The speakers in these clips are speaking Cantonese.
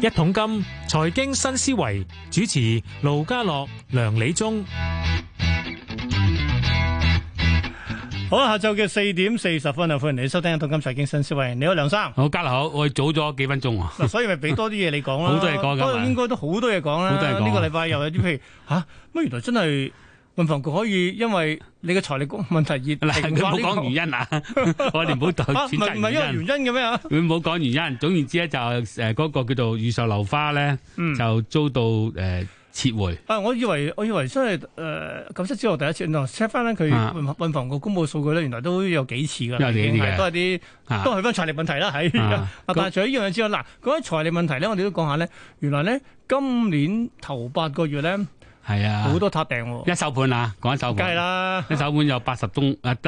一桶金財經新思維，主持盧家樂、梁理中，好啊！下晝嘅四點四十分啊，歡迎你收聽一桶金財經新思維。你好，梁生，好，家樂好，我哋早咗幾分鐘啊，所以咪俾多啲嘢你講啦，好多嘢講，不過應該都好多嘢講啦，好多嘢講。呢個禮拜又有啲譬如吓，乜原來真係。運房局可以，因為你嘅財力公問題而唔好講原因啊！ 我哋唔好代轉唔係因為原因嘅咩？佢唔好講原因，總言之咧就誒嗰個叫做預售樓花咧，就遭到誒撤回，嗯。啊，我以為我以為真係誒，咁先之後第一次，原來 check 翻佢運運房局公布嘅數據咧，啊，原來都有幾次噶，已經係都係啲、啊、都係翻財力問題啦，係。啊，但係除咗呢樣嘢之外，嗱，嗰啲財力問題咧，我哋都講下咧。原來咧，今年頭八個月咧。係啊，好多撻訂喎、啊，一手盤啊，講一手盤，梗係啦，一手盤有八十宗，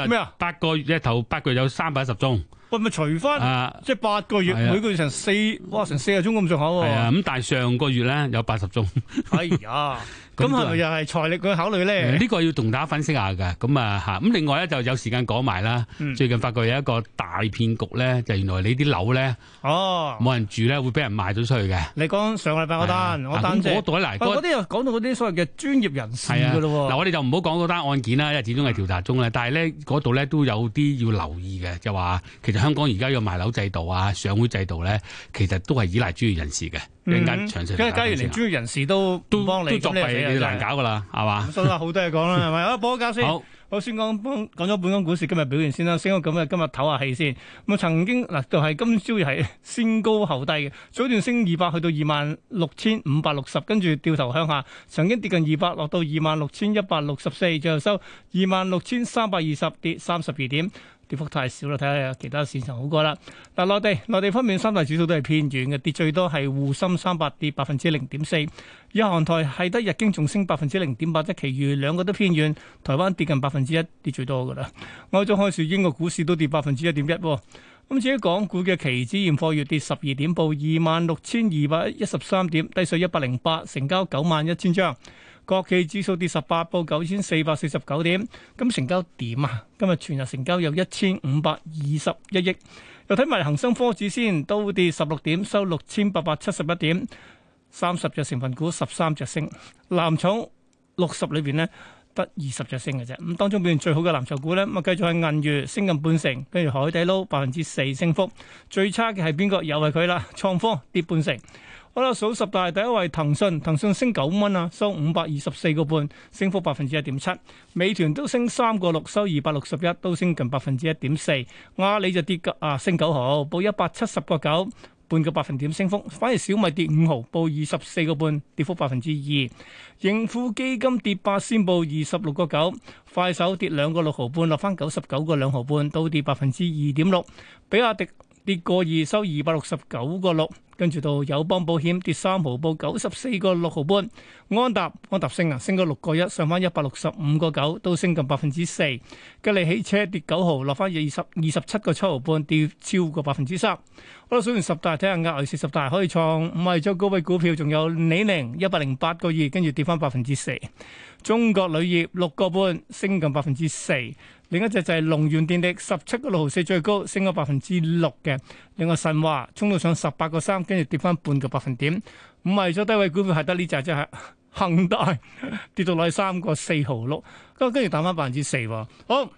咩 啊？八個月一頭八個月有三百一十宗，喂，咪除翻，即係八個月、啊，每個月成四，哇，成四十宗咁上下喎，係啊，咁、啊、但係上個月咧有八十宗，哎呀。 咁係咪又係財力嘅考慮咧？呢、嗯、個要同大家分析下嘅。咁啊咁另外咧就有時間講埋啦、嗯。最近發覺有一個大騙局咧，就是、原來你啲樓咧，哦，冇人住咧，會俾人賣咗出去嘅。你講上禮拜嗰單，啊、我等住。嗰度啲又講到嗰啲所謂嘅專業人士㗎喎。嗱、啊，我哋就唔好講嗰單案件啦，因為始終係調查中啦、嗯。但係咧嗰度咧都有啲要留意嘅，就話其實香港而家要賣樓制度啊、上會制度咧，其實都係依賴專業人士嘅。最近、嗯，即假如連專業人士都幫都幫你作弊，你都難搞噶啦，係嘛？收所 好多嘢講啦，係咪？啊，補交先。好，我先講，講咗本港股市今日表現先啦。先咁啊，今日唞下氣先。咁啊，曾經嗱就係今朝又係先高後低嘅，早段升二百去到二萬六千五百六十，跟住掉頭向下，曾經跌近二百，落到二萬六千一百六十四，最後收二萬六千三百二十，跌三十二點。跌幅太少啦，睇下有其他市場好過啦。嗱、啊，內地內地方面三大指數都係偏軟嘅，跌最多係滬深三百跌百分之零點四。日韓台係得日經重升百分之零點八，即其餘兩個都偏軟，台灣跌近百分之一，跌最多㗎啦。外圍開市英國股市都跌百分之一點一喎。咁、嗯、至於港股嘅期指現貨，要跌十二點報二萬六千二百一十三點，低水一百零八，成交九萬一千張。國企指數跌十八，報九千四百四十九點。咁成交點啊，今日全日成交有一千五百二十一億。又睇埋恒生科指先，都會跌十六點，收六千八百七十一點。三十隻成分股，十三隻升。藍籌六十裏邊咧，得二十隻升嘅啫。咁當中表現最好嘅藍籌股咧，咁啊繼續係銀娛升近半成，跟住海底撈百分之四升幅。最差嘅係邊個？又係佢啦，創科跌半成。好啦，數十大第一位騰訊，騰訊升九蚊啊，收五百二十四個半，升，升幅百分之一點七。美團都升三個六，收二百六十一，都升近百分之一點四。阿里就跌啊，升九毫，報一百七十個九，半個百分點升幅。反而小米跌五毫，報二十四個半，跌幅百分之二。盈富基金跌八仙，報二十六個九。快手跌兩個六毫半，落返九十九個兩毫半，都跌百分之二點六。比亞迪跌個二，收二百六十九個六。跟住到友邦保險跌三毫，報九十四個六毫半。安踏，安踏升啊，升咗六個一，上翻一百六十五個九，都升近百分之四。吉利汽車跌九毫，落翻二十二十七個七毫半，跌超過百分之三。我哋數完十大，睇下額外四十大可以創五二週高位股票，仲有李寧一百零八個二，跟住跌翻百分之四。中國鋁業六個半，升近百分之四。另一隻就係龍源電力十七個六毫四最高，升咗百分之六嘅。另外神華衝到上十八個三。跟住跌翻半個百分點，唔係咗低位股票係得呢隻，即係恒大跌到落去三個四毫六，跟跟住彈翻百分之四喎。好，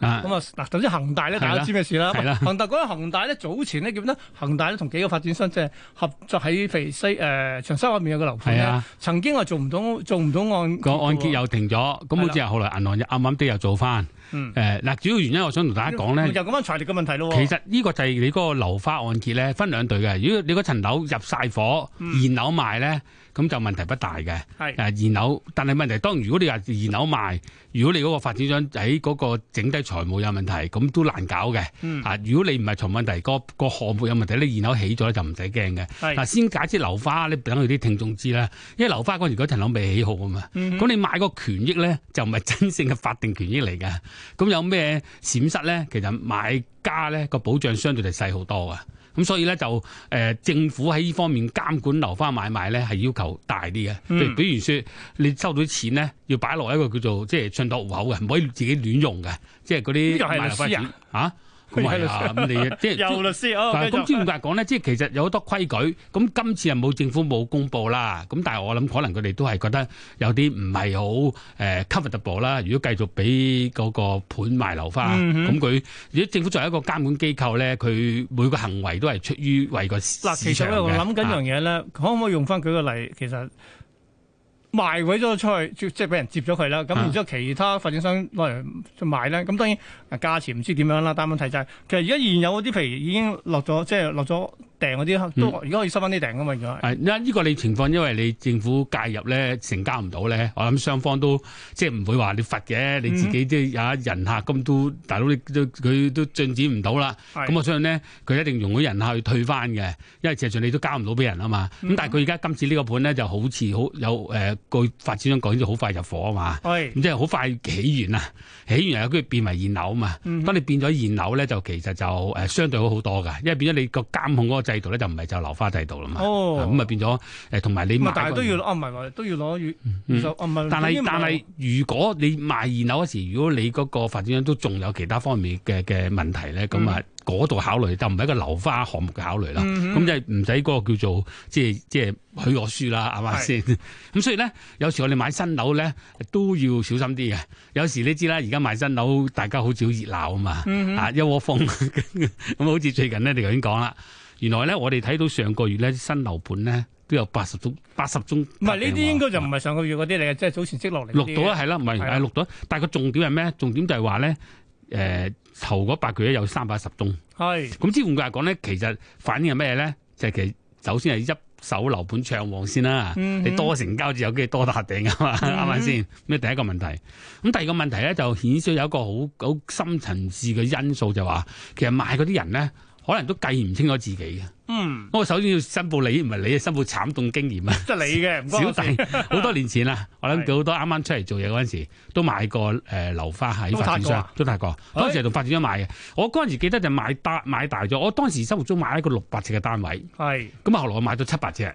咁啊嗱，總之恒大咧大家知咩事啦。恒大嗰個恒大咧早前咧叫咩？恒大咧同幾個發展商即係合作喺肥西誒、呃、長沙嗰面有個樓盤咧，曾經啊做唔到做唔到按、嗰個按揭又停咗，咁好似係後來銀行又啱啱啲又做翻。嗯，誒、呃、嗱，主要原因我想同大家講咧，就咁樣財力嘅問題咯。其實呢個就係你嗰個樓花按揭咧，分兩隊嘅。如果你嗰層樓入晒火，現樓賣咧。嗯咁就問題不大嘅、啊。二樓，但係問題當然，如果你話二樓賣，如果你嗰個發展商喺嗰個整體財務有問題，咁都難搞嘅、嗯。啊，如果你唔係財務問題，嗰個個項目有問題，你二樓起咗就唔使驚嘅。嗱、啊，先解釋樓花，你等佢啲聽眾知啦。因為樓花嗰陣時嗰層樓未起好啊嘛。咁、嗯、你買個權益咧，就唔係真正嘅法定權益嚟嘅。咁有咩閃失咧？其實買家咧個保障相對係細好多啊。咁、嗯、所以咧就誒、呃、政府喺呢方面監管樓花買賣咧係要求大啲嘅，譬、嗯、如比如說你收到啲錢咧要擺落一個叫做即係信託戶口嘅，唔可以自己亂用嘅，即係嗰啲。買賣、啊。啊唔係呀，咁你即係有律師哦。咁朱文達講咧，即 係其實有好多規矩。咁今次又冇政府冇公布啦。咁但係我諗，可能佢哋都係覺得有啲唔係好誒 coverable 啦。如果繼續俾嗰個盤賣流花，咁、嗯、佢如果政府作為一個監管機構咧，佢每個行為都係出於為個嗱，其實我諗緊樣嘢咧，可唔可以用翻舉個例？其實。賣鬼咗出去，即即係俾人接咗佢啦。咁然之後，其他發展商攞嚟賣咧。咁當然價錢唔知點樣啦。但係問題就係，其實而家現有嗰啲皮已經落咗，即係落咗訂嗰啲都而家可以收翻啲訂噶嘛，而家。呢、嗯、個你情況，因為你政府介入咧，成交唔到咧，我諗雙方都即係唔會話你罰嘅，你自己即係有一人客咁都大佬，你都佢都進展唔到啦。咁我相信呢，佢一定容許人客去退翻嘅，因為事實上你都交唔到俾人啊嘛。咁、嗯、但係佢而家今次呢個盤咧就好似好有誒、呃、個發展商講咗好快入伙啊嘛，咁、嗯、即係好快起完啊，起完又跟住變埋現樓啊嘛、嗯。當你變咗現樓咧，就其實就、呃、相對好好多㗎，因為變咗你個監控嗰、那個。制度咧就唔係就樓花制度啦嘛，咁、哦、啊就變咗誒同埋你賣都、那個、要啊唔係都要攞、嗯啊、但係但係如果你賣二樓嗰時候，如果你嗰個發展商都仲有其他方面嘅嘅問題咧，咁啊嗰度考慮就唔係一個樓花項目嘅考慮啦。咁即係唔使嗰個叫做即係即係許我書啦，係咪先？咁所以咧，有時我哋買新樓咧都要小心啲嘅。有時你知啦，而家賣新樓大家好似熱鬧啊嘛，嗯、啊一窩蜂咁， 那好似最近呢，你頭先講啦。原來咧，我哋睇到上個月咧，新樓盤咧都有八十宗，八十宗。唔係呢啲應該就唔係上個月嗰啲嚟，即係早前積落嚟。錄到啦，係啦，唔係唔到。錄到。但係個重點係咩？重點就係話咧，誒頭嗰八個月咧有三百一十宗。咁之換句話講咧，其實反映係咩咧？就係其實首先係一手樓盤暢旺先啦、啊嗯。你多成交先有機會多撻訂啊嘛？啱唔啱先？咩、 嗯、第一個問題？咁第二個問題咧就顯示有一個好好深層次嘅因素，就話、是、其實賣嗰啲人咧。可能都計唔清楚自己嘅，嗯，我首先要申報你，唔係你嘅申報慘痛經驗啊，即係你嘅，唔小弟好 多年前啦， 我諗好多啱啱出嚟做嘢嗰陣時，都買過誒、呃、樓花喺發展商，都大個，當時係同發展商買嘅、欸。我嗰陣時記得就買，買大買大咗，我當時生活中買一個六百尺嘅單位，係咁啊，後來我買咗七百尺。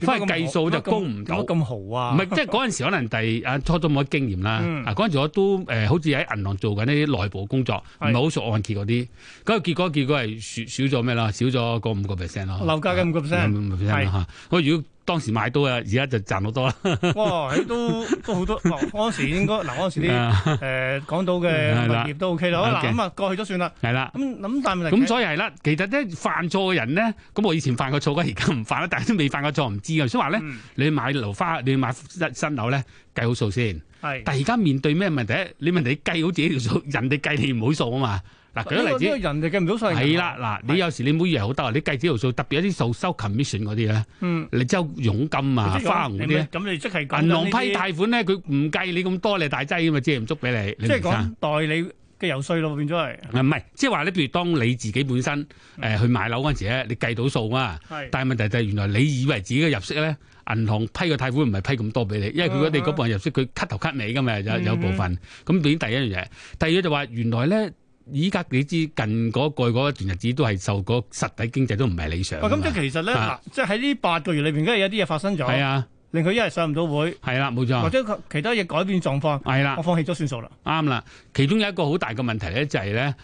翻嚟計數就供唔到，咁豪啊。唔 係即係嗰陣時可能第啊初都冇乜經驗啦。嗰、嗯、陣、啊、時我都誒、呃、好似喺銀行做緊呢啲內部工作，唔係好熟按揭嗰啲。咁、嗰個、結果結果係少咗咩啦？少咗個五個 percent 啦，樓價嘅五個 percent，五 percent 啦嚇。如果當時買到嘅，而家就賺好多啦。哇，都都好多。嗱，當時應該嗱，當時啲誒講到嘅物業都 OK 啦。嗱，咁啊過去咗算啦。係啦。咁咁但係咁所以係啦。其實咧犯錯嘅人咧，咁我以前犯過錯，而家唔犯啦。但係都未犯過錯唔知啊。所以話咧，你買樓花，你買新新樓咧，計好數先。係。但係而家面對咩問題？你問你計好自己條數，人哋計你唔好數啊嘛。舉個例子，這個、人哋計唔到稅係啦，嗱，你有時你咪以為好得，你計唔到數，特別有啲數收 commission 嗰啲咧，你收佣金啊、花紅嗰啲咧，銀行批貸款咧，佢唔計你咁多，你大劑咁嘛，即係唔足俾你。即係講代理嘅油稅咯，變咗係。唔、嗯、係，即係話你譬如當你自己本身誒、呃、去買樓嗰陣時咧，你計到數啊，但係問題就係、是、原來你以為自己嘅入息咧，銀行批嘅貸款唔係批咁多俾你，因為佢哋嗰部分入息佢 cut 頭 cut 尾㗎嘛，有有部分。咁、嗯、變第一樣嘢，第二就話原來咧。依家你知近嗰、那個嗰一段日子都係受個實體經濟都唔係理想。咁、啊、即係其實咧嗱、啊啊，即係喺呢八個月裏面，梗係有啲嘢發生咗。係啊，令佢一日上唔到會。係啦、啊，冇錯。或者其他嘢改變狀況。係啦、啊，我放棄咗算數啦。啱啦，其中有一個好大嘅問題咧、就是，就係咧，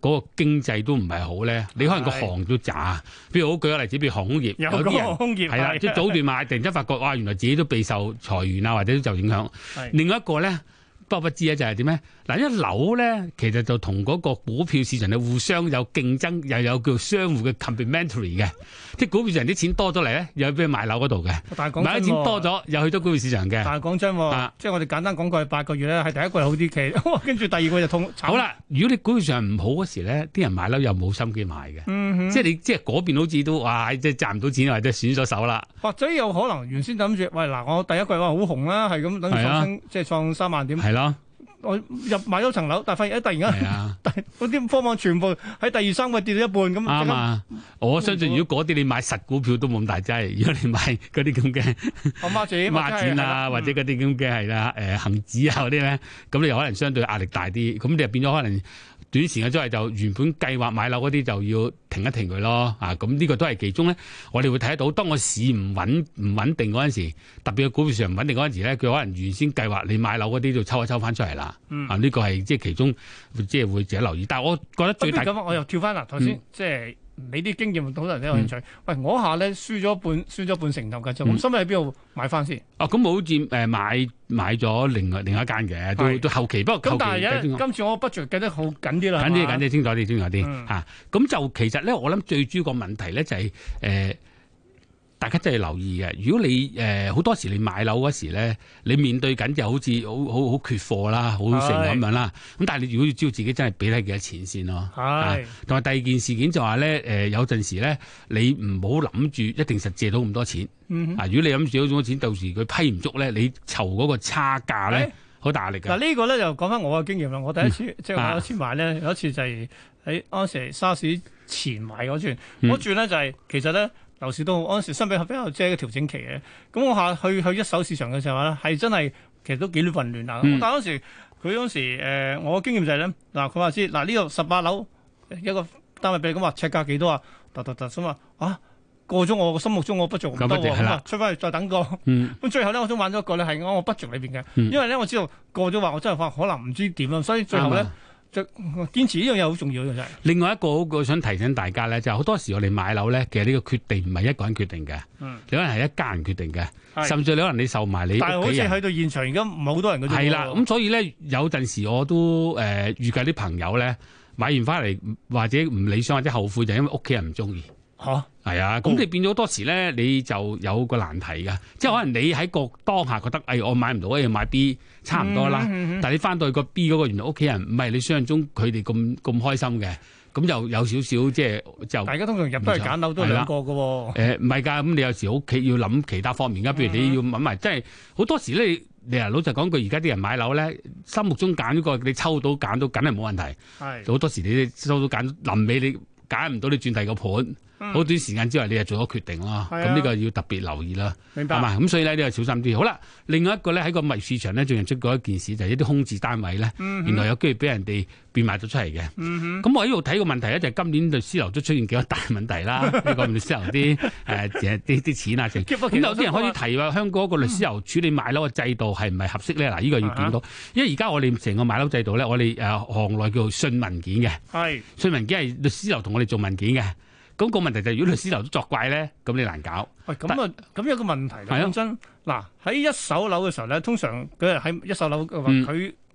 嗰、那個經濟都唔係好咧。你可能個行都渣，譬、啊、如好舉個例子，譬如航空業。有個航空業。係啦，即係、啊啊就是、早段買，突然之間發覺，哇！原來自己都備受裁員啊，或者都受影響。啊啊、另外一個咧。都不知咧，就係點咧？嗱，一樓咧，其實就同嗰個股票市場咧互相有競爭，又有叫相互嘅 complementary 嘅。即啲股票上啲錢多咗嚟咧，又去俾買樓嗰度嘅。但係講真，買啲錢多咗、啊，又去咗股票市場嘅。但係講真、啊，即係我哋簡單講句，八個月咧，係第一季好啲期，跟住第二季就痛。好啦、啊，如果你股票上唔好嗰時咧，啲人買樓又冇心機買嘅、嗯。即係你即係嗰邊好似都哇，即係賺唔到錢或者損咗手啦。或者了了、啊、有可能原先諗住喂嗱，我第一季話好紅啦、啊，係咁等上升，即係創三萬點。咯，我入買咗層樓，但係發現突然間，嗰啲、啊、科網全部喺第二、三季跌到一半咁。啱啊、嗯！我相信，如果嗰啲你買實股票都冇咁大劑，如果你買嗰啲咁嘅孖展啊，或者嗰啲咁嘅係啦，誒、嗯、恒、嗯、指啊嗰啲咧，咁你又可能相對壓力大啲，咁你又變咗可能。短時間即係就原本計劃買樓嗰啲就要停一停佢咯啊！咁呢個都係其中咧，我哋會睇得到。當個市唔穩唔穩定嗰陣時，特別個股票上唔穩定嗰陣時咧，佢可能原先計劃你買樓嗰啲就抽一抽翻出嚟啦、嗯。啊，呢、這個係即係其中即係會自己留意。但係我覺得最大家我又跳翻啦，頭先、嗯、即係。你啲經驗好多人都有興趣。嗯、喂，我下咧輸咗半，輸咗半成頭㗎。就、嗯、唔心喺邊度買翻先？哦、啊，咁、嗯、我好似誒買咗另另一間嘅，都都後期不過。咁但係今次我不著計得好緊啲啦，緊啲緊啲清楚啲清楚啲吓咁、嗯啊、就其實咧，我諗最主要個問題咧就係、是呃大家真係留意嘅。如果你誒好、呃、多時你買樓嗰時咧，你面對緊就好似好好好缺貨啦，好盛咁樣啦。咁但係你如果要知道自己真係俾得幾多錢先咯。係。同、啊、埋第二件事件就話咧誒，有陣時咧你唔好諗住一定實借到咁多錢、嗯。啊，如果你諗住攞咗錢，到時佢批唔足咧，你籌嗰個差價咧，好大壓力㗎。嗱，呢個咧就講翻我嘅經驗啦。我第一次、嗯、即係我有次買咧、啊，有一次就係喺安石沙士前買嗰轉，嗰轉咧就係、是、其實咧。樓市都嗰陣時，相比係比較即係一個調整期嘅。咁我下去去一手市場嘅時候咧，係真係其實都幾亂混亂啊、嗯！但係嗰陣時，佢嗰陣時誒、呃，我經驗就係、是、咧，嗱佢話知嗱呢度十八樓一個單位俾你咁話，尺價幾多啊？突突突咁話啊，過咗我心目中我 budget 唔多。出翻去再等個。咁、嗯、最後咧，我想揾咗一個咧係我個 budget 裏邊嘅，因為咧我知道過咗話我真係可能唔知點啦，所以最後咧。堅持呢樣嘢好重要嘅。另外一個好想提醒大家咧，就係好多時我哋買樓咧，其實呢個決定唔係一個人決定嘅，有可能係一家人決定嘅，甚至你可能你受埋你。但係好似去到現場，而家唔係好多人嗰啲。係啦，咁、嗯、所以咧，有陣時我都誒、呃、預計啲朋友咧買完翻嚟，或者唔理想或者後悔，就因為屋企人唔中意。嚇係啊！咁、啊、你變咗多時咧，你就有個難題嘅，即係可能你喺個當下覺得，嗯、哎，我買唔到，我要買 B 差唔多啦、嗯嗯。但係你翻到去個 B 嗰個，原來屋企人唔係你想象中佢哋咁咁開心嘅。咁就有少少即係就大家通常入都係揀樓都係兩個嘅喎、哦。誒唔係㗎，咁你有時屋企要諗其他方面㗎。譬如你要諗埋、嗯，即係好多時咧，你老實講句，而家啲人買樓咧，心目中揀一個，你抽到揀到梗係冇問題。好多時你抽到揀到臨尾你揀唔到，你轉第二個盤。好、嗯、短時間之後，你就做咗決定咯。咁呢、啊、個要特別留意啦。明白。係嘛？咁所以咧，你就小心啲。好啦，另外一個咧，喺個物業市場咧，最近出過一件事，就係、是、啲空置單位咧、嗯，原來有機會俾人哋變賣咗出嚟嘅。咁、嗯、我喺度睇個問題咧，就係今年律師樓都出現幾多大問題啦。呢 講律師樓啲誒誒啲啲錢啊，成。然後啲人可以提話，香港個律師樓處理買樓嘅制度係唔係合適咧？嗱、嗯、呢、這個要檢討。因為而家我哋成個買樓制度咧，我哋誒、啊、行內叫做信文件嘅。係。信文件係律師樓同我哋做文件嘅。咁、那個問題就係如果律師樓都作怪咧，咁你難搞。喂、哎，咁啊，咁有個問題講、啊、真，嗱喺一手樓嘅時候咧，通常佢喺一手樓佢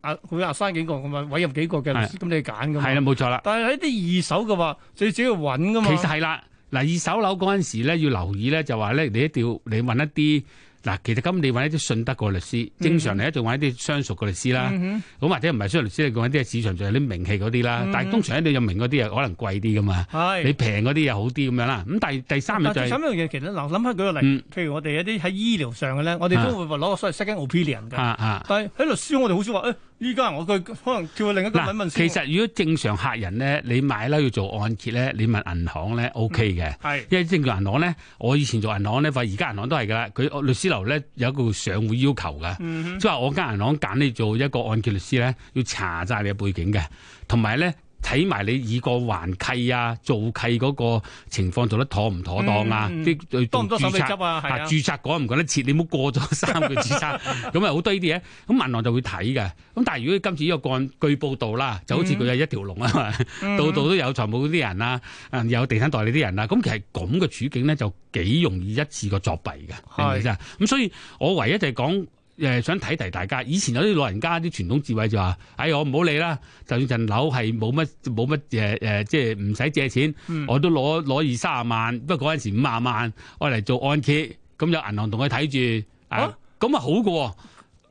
啊、嗯、會啊三幾個咁啊委任幾個嘅，律師咁、啊、你揀咁。係啦、啊，冇錯啦。但係喺啲二手嘅話，最主要揾噶嘛。其實係啦，嗱，二手樓嗰陣時咧，要留意咧，就話咧，你一定要你問一啲。嗱，其實今你揾一啲信得過嘅律師，正常嚟一仲揾啲相熟嘅律師啦。咁、嗯、或者唔係相熟律師，你講啲市場上有啲名氣嗰啲啦。但係通常咧你有名嗰啲可能貴啲噶嘛。你平嗰啲又好啲咁樣啦。咁第第三樣。第三樣嘢其實嗱，諗翻舉個例、嗯，譬如我哋一啲喺醫療上嘅咧，我哋都會話攞個所謂 second opinion 嘅。但係喺律師我哋好少話誒，依、欸、家我佢可能叫另一個其實如果正常客人咧，你買樓要做按揭咧，你問銀行咧 OK 嘅、嗯。因為正常銀行咧，我以前做銀行咧，或而家銀行都係㗎啦。佢律師。樓咧有一個上會要求嘅，即、嗯、係、就是、我間銀行揀你做一個按揭律師咧，要查晒你嘅背景嘅，同埋咧。睇埋你以個還契啊、做契嗰個情況做得妥唔妥當啊？啲、嗯、多唔多手尾執啊？啊，註冊趕唔趕得切？你唔好過咗三個註冊，咁啊好低啲嘢。咁民望就會睇嘅。咁但係如果今次呢個案據報道啦，就好似佢係一條龍啊嘛，嗯、 到度都有財務嗰啲人啊，啊、嗯、有地產代理啲人啊。咁其實咁嘅處境咧，就幾容易一次過作弊嘅，明咪先咁所以我唯一就係講。誒想提提大家，以前有啲老人家啲傳統智慧就話：哎，我唔好理啦，就算層樓係冇乜冇乜誒誒，即係唔使借錢，我都攞攞二三十萬，不過嗰陣時五廿萬，我嚟做按揭，咁有銀行同佢睇住，啊，咁啊好過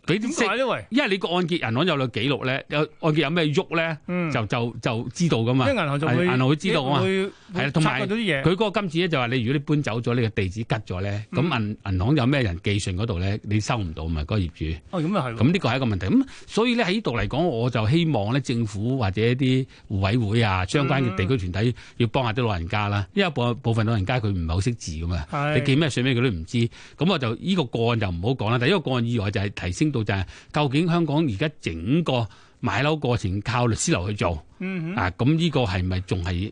俾點識？因為你個按揭銀行有個記錄咧，案件有按揭有咩喐咧，就就就知道噶嘛。即、嗯、係銀行就會，銀行會知道啊嘛。係啦，同埋佢嗰個金字咧，就話你如果你搬走咗，你個地址吉咗咧，咁銀、嗯、銀行有咩人寄存嗰度咧，你收唔到咪嗰、嗰個業主？咁、哦、呢個係一個問題。咁所以咧喺呢度嚟講，我就希望咧政府或者啲互委會啊，相關嘅地區團體要幫下啲老人家啦、嗯。因為部部分老人家佢唔係好識字噶嘛，你寄咩算咩佢都唔知。咁我就呢、呢個個案就唔好講啦。第一個個案以外就係提升到。就係、是、究竟香港而家整個買樓過程靠律師樓去做？嗯，啊，咁呢個係咪仲係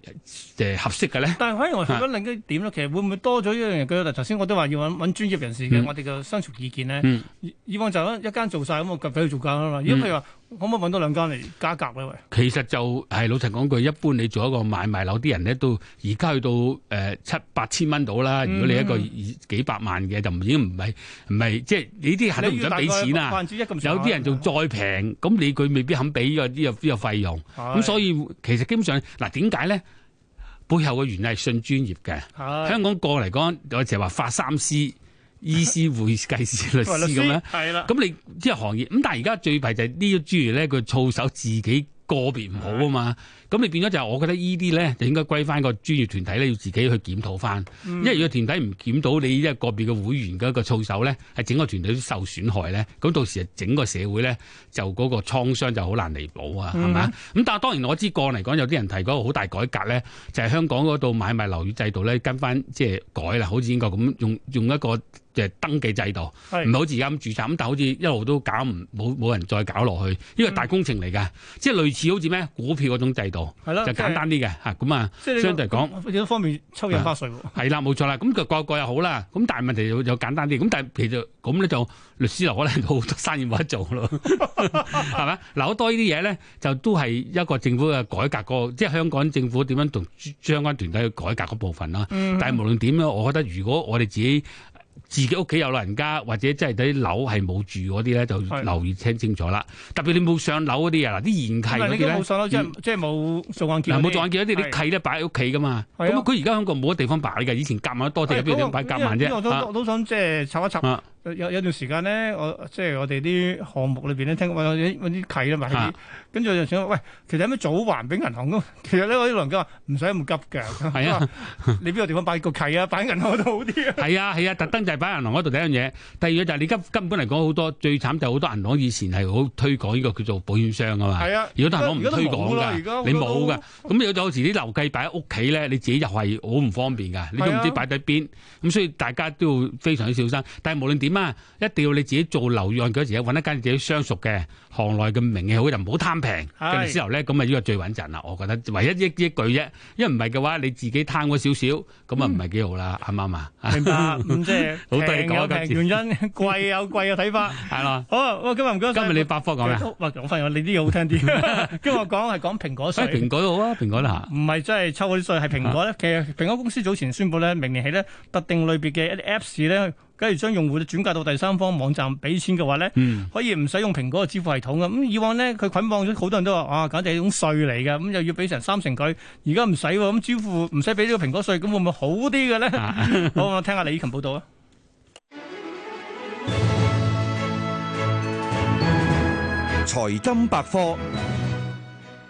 即合適嘅咧？但係反而我覺得另一點咧，其實會唔會多咗一樣嘢？嗱，頭先我都話要揾揾專業人士嘅、嗯，我哋嘅商場意見呢。嗯、以往就一間做晒，咁，我畀佢做間啊嘛。如果譬如話，可唔可以揾多兩間嚟加價咧？其實就係、是、老實講句，一般你做一個買賣樓啲人呢，都而家去到誒、呃、七八千蚊到啦、嗯。如果你一個幾百萬嘅，就已經唔係唔係即係你啲客都唔想俾錢啦。有啲人仲再平，咁你佢未必肯俾呢個呢個呢個費用。所以其實基本上，嗱點解咧？背後嘅原理係信專業嘅。香港過嚟講，有時話發三師、醫師會計師，律師咁 樣，係啦。咁你即係、就是、行業，咁但係而家最弊就係呢啲專業咧，佢操守自己，個別唔好啊嘛，咁你變咗就係，我覺得依啲咧就應該歸翻個專業團體咧，要自己去檢討翻。因為如果團體唔檢討，你依個個別嘅會員嘅一個操守咧，係整個團隊都受損害咧，咁到時整個社會咧就嗰個創傷就好難彌補啊，係咪？咁、mm -hmm. 但係當然我知過嚟講有啲人提嗰個好大改革咧，就係、是、香港嗰度買賣樓宇制度咧跟翻即係改啦，好似英國咁用用一個。就係、是、登記制度，唔係好似而家咁註冊咁，但好似一路都搞唔冇冇人再搞落去，因為大工程嚟嘅、嗯，即係類似好似咩股票嗰種制度，就簡單啲嘅嚇咁啊。相對嚟講，亦都方便抽印花稅喎。係啦，冇錯啦，咁個個又好啦，咁但係問題就就簡單啲，咁但係其實咁咧就律師就可能好多生意冇得做咯，係咪啊？嗱，好多呢啲嘢咧就都係一個政府嘅改革個，即、就、係、是、香港政府點樣同相關團體去改革嗰部分啦。但係無論點樣，我覺得如果我哋自己自己屋企有老人家或者即係啲樓係冇住嗰啲咧，就留意聽清楚啦。特別你冇上樓嗰啲啊，嗱啲延契咧、嗯，即係冇做眼結。冇做眼結嗰啲，你契咧擺喺屋企噶嘛。咁佢而家香港冇乜地方擺㗎，以前夾萬多啲，有邊度擺夾萬啫。我都我、啊、都想即係湊一湊。啊有有段時間咧，我即係我哋啲項目裏邊咧，聽我揾啲揾啲契啦嘛、啊，跟住我就想話：喂，其實有咩早還俾銀行咁？其實呢，我啲老人家話唔使咁急㗎。係啊， 你邊個地方擺個契啊？擺銀行嗰度好啲啊？係啊係啊，特登就係擺銀行嗰度第一樣嘢。第二就係你根本嚟講好多，最慘就係好多銀行以前係好推廣呢個叫做保險箱啊嘛。係啊，如果銀行唔推廣㗎，你冇㗎。咁有有時啲樓契擺喺屋企咧，你自己又係好唔方便㗎。你都唔知擺喺邊。咁、啊、所以大家都非常之小心。但係無論點，啊！一定要你自己做流樣嘅時候，揾一間自己相熟嘅行內嘅名氣好，就唔好貪平。跟住之後咧，咁啊呢個最穩陣啦，我覺得。唯一一一句啫，因為唔係嘅話，你自己貪嗰少少，咁啊唔係幾好啦，啱唔啱啊？明白，咁即係平有平原因，貴有貴嘅睇法，係咯。好，我今日唔該。今日你百科講咩？喂，講返你啲嘢好聽啲。跟我講係講蘋果稅。蘋果都好啊，蘋果啦嚇。唔係，真係抽稅係蘋果咧。其實蘋果公司早前宣布咧，明年起咧特定類別嘅一啲 Apps 咧。假如將用戶轉嫁到第三方的網站俾錢嘅話咧，可以唔使用蘋果嘅支付系統嘅。咁以往咧，佢捆綁咗好多人都話啊，簡直係一種稅嚟嘅。咁又要俾成三成佢，而家唔使喎，咁、嗯、支付唔使俾呢個蘋果稅，咁會唔會好啲嘅咧？啊、 好，我聽下李琴報道啊！財金百科。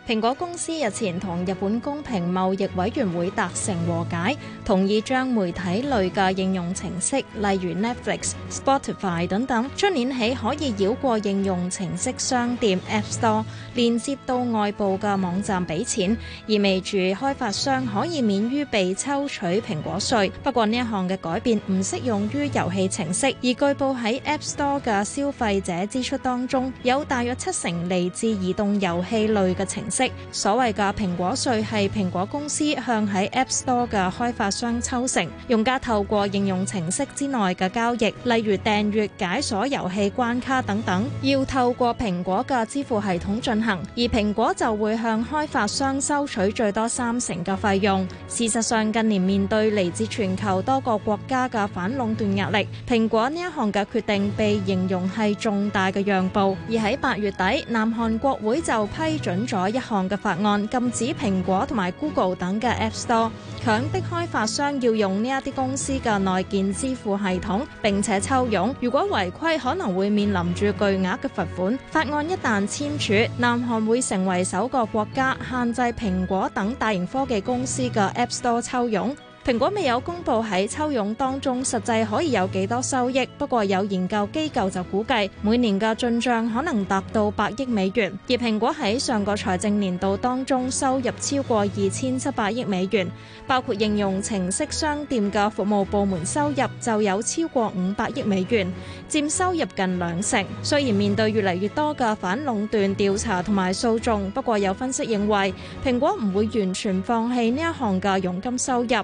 蘋果公司日前同日本公平貿易委員會達成和解，同意將媒體類嘅應用程式，例如 Netflix, Spotify, 等等，出年起可以繞過應用程式商店 App Store，連接到外部嘅網站俾錢，意味住開發商可以免於被抽取蘋果稅。不過，呢項嘅改變唔適用於遊戲程式，而據報喺 App Store 嘅消費者支出當中，有大約七成嚟自移動遊戲類嘅程式。所謂嘅蘋果稅係蘋果公司向喺 App Store 嘅開發商抽成，用家透過應用程式之內嘅交易，例如訂閱、解鎖遊戲關卡等等，要透過蘋果嘅支付系統進行，而蘋果就會向開發商收取最多三成嘅費用。事實上，近年面對嚟自全球多個國家嘅反壟斷壓力，蘋果呢一項嘅決定被形容係重大嘅讓步。而喺八月底，南韓國會就批准咗一行嘅法案禁止蘋果同埋 Google 等嘅 App Store 強迫開發商要用呢一啲公司嘅內建支付系統，並且抽傭。如果違規，可能會面臨住巨額嘅罰款。法案一旦簽署，南韓會成為首個國家限制蘋果等大型科技公司嘅 App Store 抽傭。蘋果未有公布喺抽佣當中實際可以有幾多收益，不過有研究機構就估計每年嘅進帳可能達到百億美元。而蘋果喺上個財政年度當中收入超過二千七百億美元，包括應用程式商店嘅服務部門收入就有超過五百億美元，佔收入近兩成。雖然面對越嚟越多嘅反壟斷調查同埋訴訟，不過有分析認為蘋果唔會完全放棄呢一項嘅佣金收入。